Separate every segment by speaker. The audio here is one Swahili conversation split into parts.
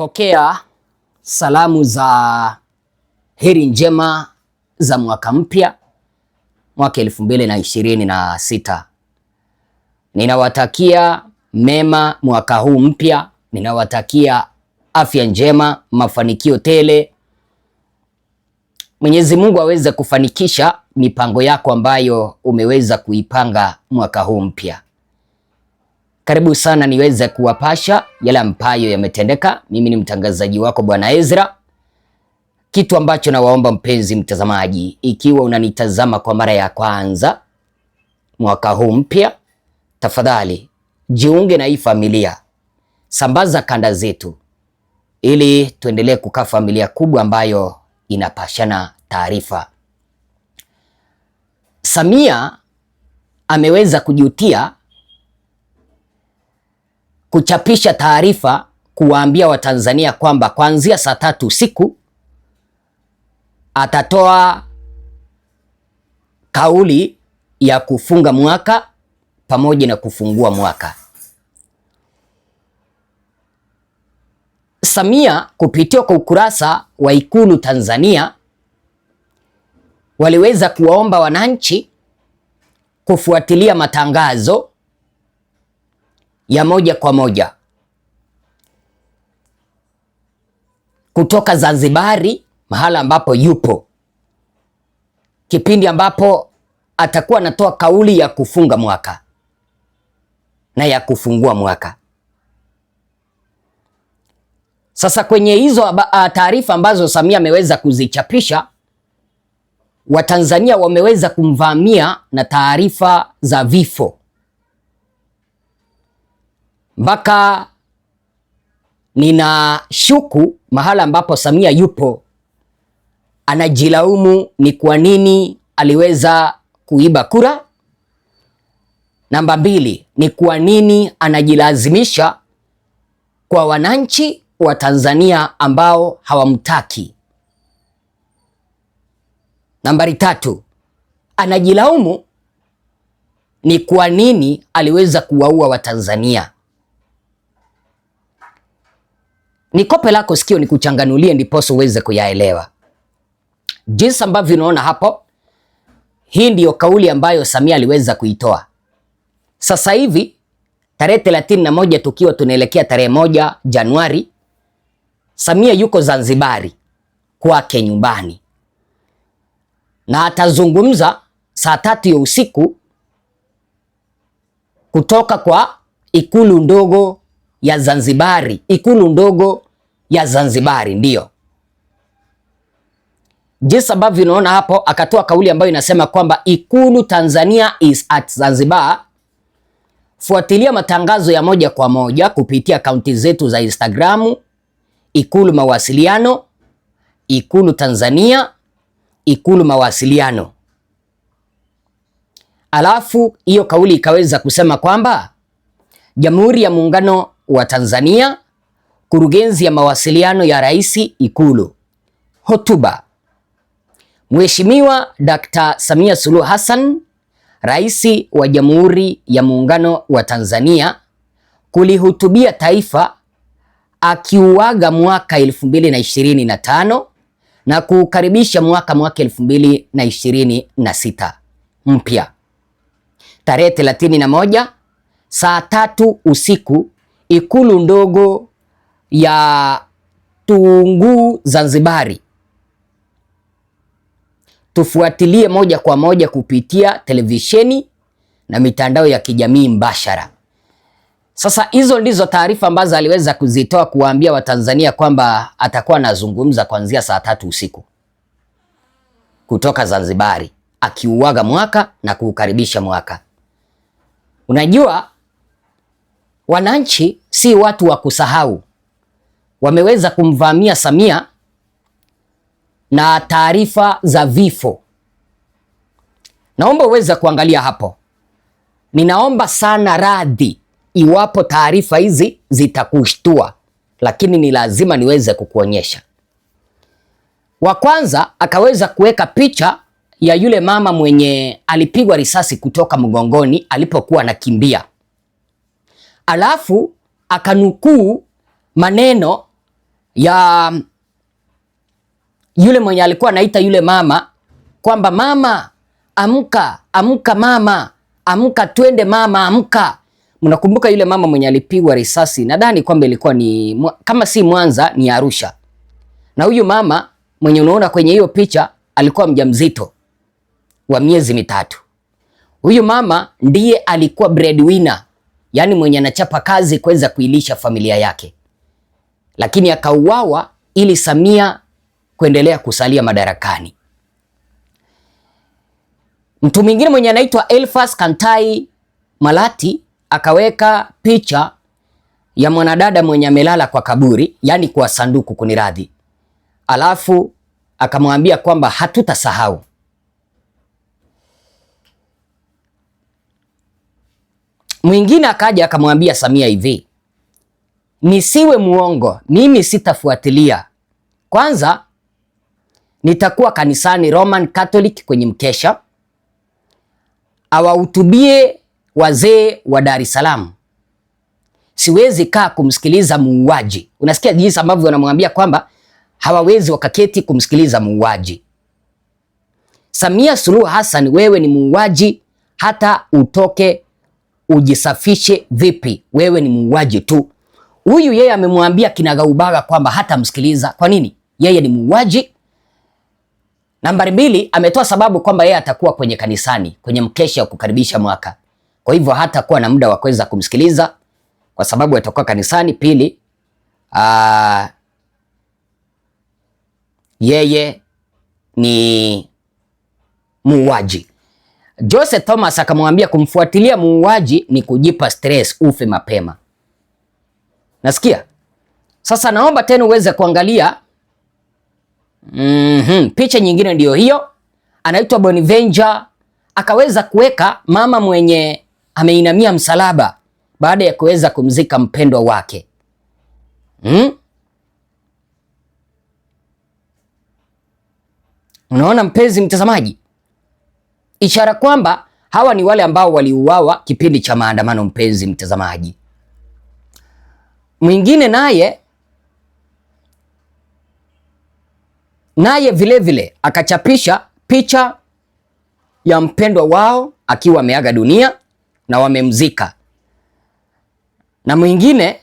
Speaker 1: Nimepokea salamu za heri njema za mwaka mpya mwaka elfu mbili na ishirini na sita. Ninawatakia mema mwaka huu mpya, ninawatakia afya njema, mafanikio tele. Mwenyezi Mungu aweze kufanikisha mipango yako ambayo umeweza kuipanga mwaka huu mpya. Karibu sana niweze kuwapasha yale ambayo yametendeka. Mimi ni mtangazaji wako Bwana Ezra. Kitu ambacho nawaomba mpenzi mtazamaji, ikiwa unanitazama kwa mara ya kwanza mwaka huu mpya, tafadhali jiunge na hii familia, sambaza kanda zetu ili tuendelee kukaa familia kubwa ambayo inapashana taarifa. Samia ameweza kujutia kuchapisha taarifa kuwaambia Watanzania kwamba kuanzia saa tatu usiku atatoa kauli ya kufunga mwaka pamoja na kufungua mwaka. Samia kupitia kwa ukurasa wa Ikulu Tanzania waliweza kuwaomba wananchi kufuatilia matangazo ya moja kwa moja kutoka Zanzibari, mahala ambapo yupo, kipindi ambapo atakuwa anatoa kauli ya kufunga mwaka na ya kufungua mwaka. Sasa kwenye hizo taarifa ambazo Samia ameweza kuzichapisha, Watanzania wameweza kumvamia na taarifa za vifo mpaka nina shuku mahala ambapo Samia yupo anajilaumu ni kwa nini aliweza kuiba kura. Namba mbili, ni kwa nini anajilazimisha kwa wananchi wa Tanzania ambao hawamtaki. Nambari tatu, anajilaumu ni kwa nini aliweza kuwaua Watanzania. ni kope lako sikio ni kuchanganulie ndiposa uweze kuyaelewa. Jinsi ambavyo unaona hapo, hii ndiyo kauli ambayo Samia aliweza kuitoa. Sasa hivi tarehe thelathini na moja tukiwa tunaelekea tarehe moja Januari, Samia yuko Zanzibari kwake nyumbani na atazungumza saa tatu ya usiku kutoka kwa ikulu ndogo ya Zanzibari, ikulu ndogo ya Zanzibari, ndiyo jinsi ambavyo unaona hapo. Akatoa kauli ambayo inasema kwamba ikulu Tanzania is at Zanzibar. Fuatilia matangazo ya moja kwa moja kupitia akaunti zetu za Instagramu, ikulu mawasiliano, ikulu Tanzania, ikulu mawasiliano. Alafu hiyo kauli ikaweza kusema kwamba Jamhuri ya Muungano wa Tanzania, kurugenzi ya mawasiliano ya Rais Ikulu. Hotuba. Mheshimiwa Dkt. Samia Suluhu Hassan, Rais wa Jamhuri ya Muungano wa Tanzania, kulihutubia taifa akiuaga mwaka 2025 na kuukaribisha mwaka mwaka 2026 mpya tarehe 31 saa tatu usiku ikulu ndogo ya Tunguu Zanzibari. Tufuatilie moja kwa moja kupitia televisheni na mitandao ya kijamii mbashara. Sasa hizo ndizo taarifa ambazo aliweza kuzitoa kuwaambia Watanzania kwamba atakuwa anazungumza kuanzia saa tatu usiku kutoka Zanzibari, akiuaga mwaka na kuukaribisha mwaka. Unajua Wananchi si watu wa kusahau, wameweza kumvamia Samia na taarifa za vifo. Naomba uweze kuangalia hapo. Ninaomba sana radhi iwapo taarifa hizi zitakushtua, lakini ni lazima niweze kukuonyesha. Wa kwanza akaweza kuweka picha ya yule mama mwenye alipigwa risasi kutoka mgongoni alipokuwa anakimbia alafu akanukuu maneno ya yule mwenye alikuwa anaita yule mama kwamba mama, amka amka, mama amka, twende mama, amka. Mnakumbuka yule mama mwenye alipigwa risasi, nadhani kwamba ilikuwa ni kama si Mwanza ni Arusha, na huyu mama mwenye unaona kwenye hiyo picha alikuwa mjamzito wa miezi mitatu. Huyu mama ndiye alikuwa breadwinner yaani mwenye anachapa kazi kuweza kuilisha familia yake, lakini akauawa ili Samia kuendelea kusalia madarakani. Mtu mwingine mwenye anaitwa Elfas Kantai Malati akaweka picha ya mwanadada mwenye amelala kwa kaburi, yaani kwa sanduku, kuniradhi, alafu akamwambia kwamba hatutasahau. Mwingine akaja akamwambia Samia hivi, nisiwe muongo, mimi sitafuatilia. Kwanza nitakuwa kanisani Roman Catholic kwenye mkesha, awahutubie wazee wa Dar es Salaam. Siwezi kaa kumsikiliza muuaji. Unasikia jinsi ambavyo wanamwambia kwamba hawawezi wakaketi kumsikiliza muuaji. Samia Suluhu Hassan, wewe ni muuaji, hata utoke ujisafishe vipi? Wewe ni muuaji tu. Huyu yeye amemwambia kinagaubaga kwamba hata msikiliza Kwa nini? Yeye ni muuaji. Nambari mbili, ametoa sababu kwamba yeye atakuwa kwenye kanisani kwenye mkesha wa kukaribisha mwaka, kwa hivyo hatakuwa na muda wa kuweza kumsikiliza kwa sababu atakuwa kanisani. Pili, aa, yeye ni muuaji. Jose Thomas akamwambia kumfuatilia muuaji ni kujipa stress, ufe mapema. Nasikia sasa, naomba tena uweze kuangalia mm -hmm. Picha nyingine ndiyo hiyo, anaitwa Bonaventure akaweza kuweka mama mwenye ameinamia msalaba baada ya kuweza kumzika mpendwa wake mm? Unaona mpenzi mtazamaji, ishara kwamba hawa ni wale ambao waliuawa kipindi cha maandamano. Mpenzi mtazamaji, mwingine naye naye vilevile akachapisha picha ya mpendwa wao akiwa ameaga dunia na wamemzika, na mwingine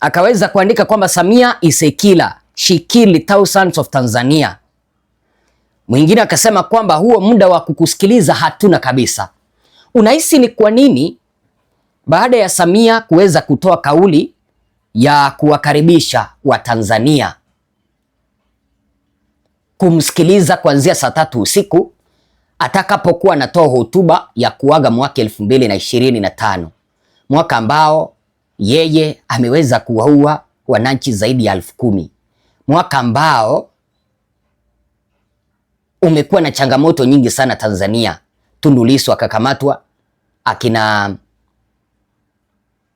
Speaker 1: akaweza kuandika kwamba Samia isekila shikili thousands of Tanzania Mwingine akasema kwamba huo muda wa kukusikiliza hatuna kabisa. Unahisi ni kwa nini baada ya Samia kuweza kutoa kauli ya kuwakaribisha Watanzania kumsikiliza kuanzia saa tatu usiku atakapokuwa anatoa hotuba ya kuaga mwaka elfu mbili na ishirini na tano, mwaka ambao yeye ameweza kuwaua wananchi zaidi ya elfu kumi, mwaka ambao umekuwa na changamoto nyingi sana Tanzania. Tundu Lissu akakamatwa, akina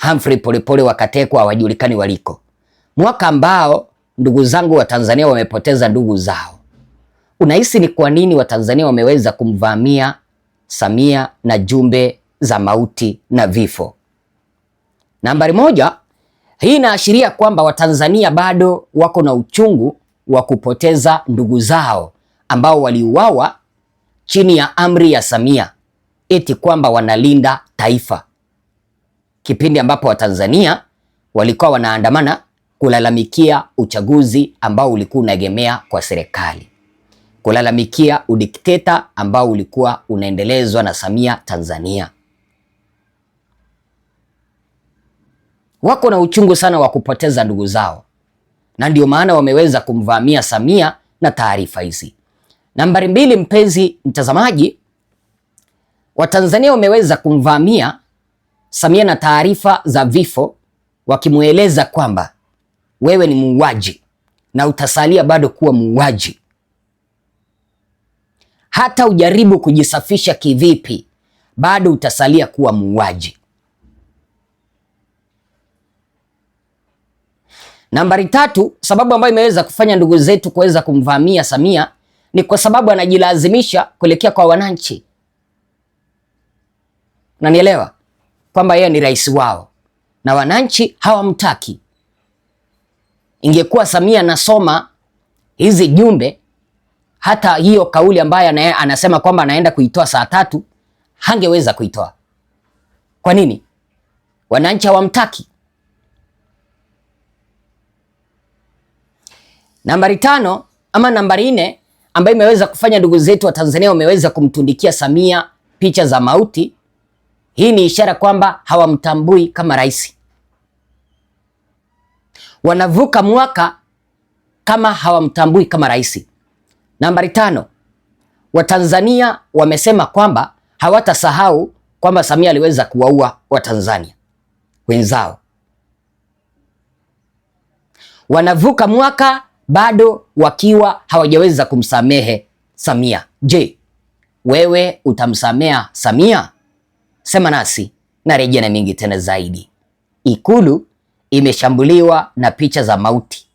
Speaker 1: Humphrey Polepole wakatekwa, hawajulikani waliko, mwaka ambao ndugu zangu wa Tanzania wamepoteza ndugu zao. Unahisi ni kwa nini Watanzania wameweza kumvamia Samia na jumbe za mauti na vifo? Nambari moja, hii inaashiria kwamba Watanzania bado wako na uchungu wa kupoteza ndugu zao ambao waliuawa chini ya amri ya Samia eti kwamba wanalinda taifa, kipindi ambapo Watanzania walikuwa wanaandamana kulalamikia uchaguzi ambao ulikuwa unaegemea kwa serikali, kulalamikia udikteta ambao ulikuwa unaendelezwa na Samia Tanzania. Wako na uchungu sana wa kupoteza ndugu zao, na ndio maana wameweza kumvamia Samia na taarifa hizi. Nambari mbili, mpenzi mtazamaji, Watanzania wameweza kumvamia Samia na taarifa za vifo, wakimweleza kwamba wewe ni muuaji na utasalia bado kuwa muuaji, hata ujaribu kujisafisha kivipi, bado utasalia kuwa muuaji. Nambari tatu, sababu ambayo imeweza kufanya ndugu zetu kuweza kumvamia Samia ni kwa sababu anajilazimisha kuelekea kwa wananchi. Unanielewa kwamba yeye ni rais wao na wananchi hawamtaki. Ingekuwa Samia anasoma hizi jumbe, hata hiyo kauli ambayo anasema kwamba anaenda kuitoa saa tatu hangeweza kuitoa. Kwa nini? Wananchi hawamtaki. Nambari tano ama nambari nne ambayo imeweza kufanya ndugu zetu wa Tanzania wameweza kumtundikia Samia picha za mauti. Hii ni ishara kwamba hawamtambui kama rais, wanavuka mwaka kama hawamtambui kama rais. Nambari tano, Watanzania wamesema kwamba hawatasahau kwamba Samia aliweza kuwaua Watanzania wenzao. Wanavuka mwaka bado wakiwa hawajaweza kumsamehe Samia. Je, wewe utamsamea Samia? Sema nasi na rejea na mingi tena zaidi. Ikulu imeshambuliwa na picha za mauti.